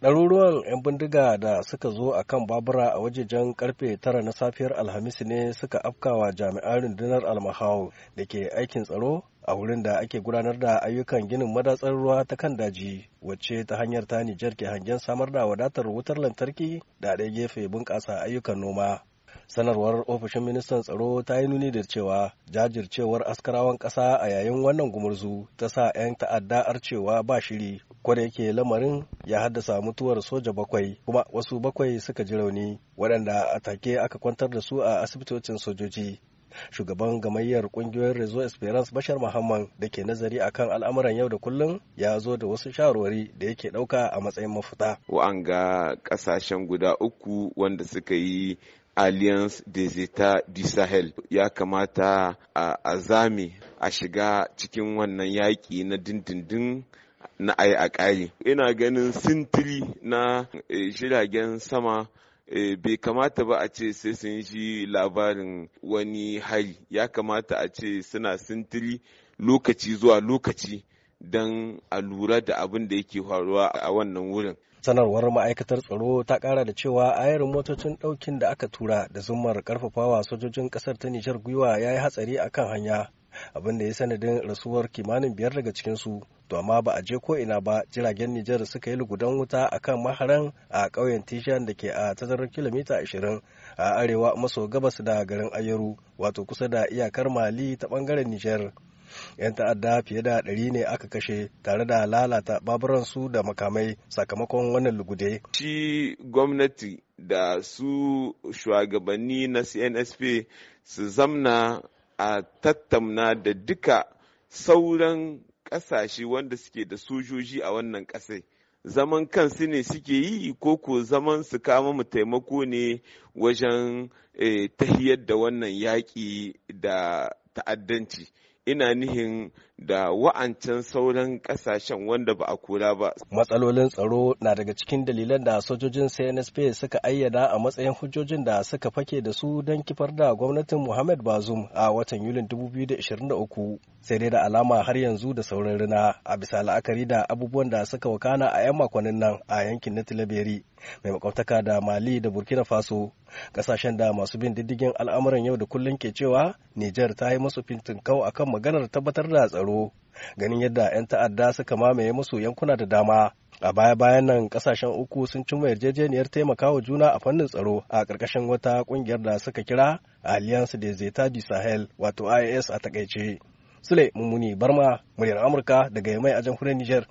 ɗaruruwan 'yan bindiga da suka zo a kan babura a wajejen karfe tara na safiyar alhamis ne suka afkawa jami'an rundunar almahau da ke aikin tsaro a wurin da ake gudanar da ayyukan ginin madatsar ruwa ta kan daji wacce ta hanyar ta nijar ke hangen samar da wadatar wutar lantarki da ɗaya gefe bunƙasa ayyukan noma sanarwar ofishin ministan tsaro ta yi nuni da cewa jajircewar askarawan ƙasa a yayin wannan gumurzu ta sa 'yan ta'adda arcewa ba shiri Kwada yake lamarin ya haddasa mutuwar soja bakwai kuma wasu bakwai suka ji rauni waɗanda a take aka kwantar da su a asibitocin sojoji. Shugaban gamayyar ƙungiyoyin Rezo Esperance Bashar Muhammad da ke nazari akan al'amuran yau da kullum ya zo da wasu shawarwari da yake ɗauka a matsayin mafita. Wa'anga ƙasashen guda uku wanda suka yi Alliance des etats du Sahel ya kamata a zame a shiga cikin wannan yaƙi na dindindin na ayi a ƙari ina ganin sintiri na eh, jiragen sama eh, bai kamata ba a ce sai sun ji labarin wani hari ya kamata a ce suna sintiri lokaci zuwa lokaci don a lura da abin da yake faruwa a wannan wurin sanarwar ma'aikatar tsaro ta kara da cewa ayarin motocin daukin da aka tura da zumar karfafawa sojojin kasar ta nijar gwiwa ya yi hatsari akan hanya abin da ya sanadin rasuwar kimanin biyar daga cikinsu to amma ba a je ko ina ba jiragen Nijar suka yi lugudan wuta akan maharan a ƙauyen Tishan da ke a tazarar kilomita 20 a arewa maso gabas da garin Ayaru wato kusa da iyakar Mali ta bangaren Nijar. 'yan ta'adda fiye da ɗari ne aka kashe tare da lalata baburansu da makamai sakamakon wannan lugude. Shi gwamnati da su shugabanni na CNSP su zamna a tattauna da duka sauran ƙasashe wanda suke da sojoji a wannan ƙasai zaman kansu ne suke yi ko ko zaman su kama mu taimako ne wajen eh, tahiyar da wannan yaƙi da ta'addanci ina nihin da wa'ancan sauran kasashen wanda ba a kula ba. Matsalolin tsaro na daga cikin dalilan da sojojin CNSP suka ayyana a matsayin hujjojin da suka fake da su don kifar da gwamnatin Muhammad Bazum a watan Yulin 2023. Sai dai da alama har yanzu da sauran rina a bisa la'akari da abubuwan da suka wakana a 'yan makonnin nan a yankin na Tilaberi mai makwabtaka da Mali da Burkina Faso kasashen da masu bin diddigin al'amuran yau da kullum ke cewa Nijar ta yi masu fintinkau akan maganar tabbatar da tsaro ganin yadda 'yan ta'adda suka mamaye musu yankuna da dama a baya-bayan nan kasashen uku sun cimma yarjejeniyar taimakawa juna a fannin tsaro a ƙarƙashin wata ƙungiyar da suka kira alliance de zeta du sahel wato ias a takaice sule mummuni barma muryar amurka daga yamai a jamhuriyar niger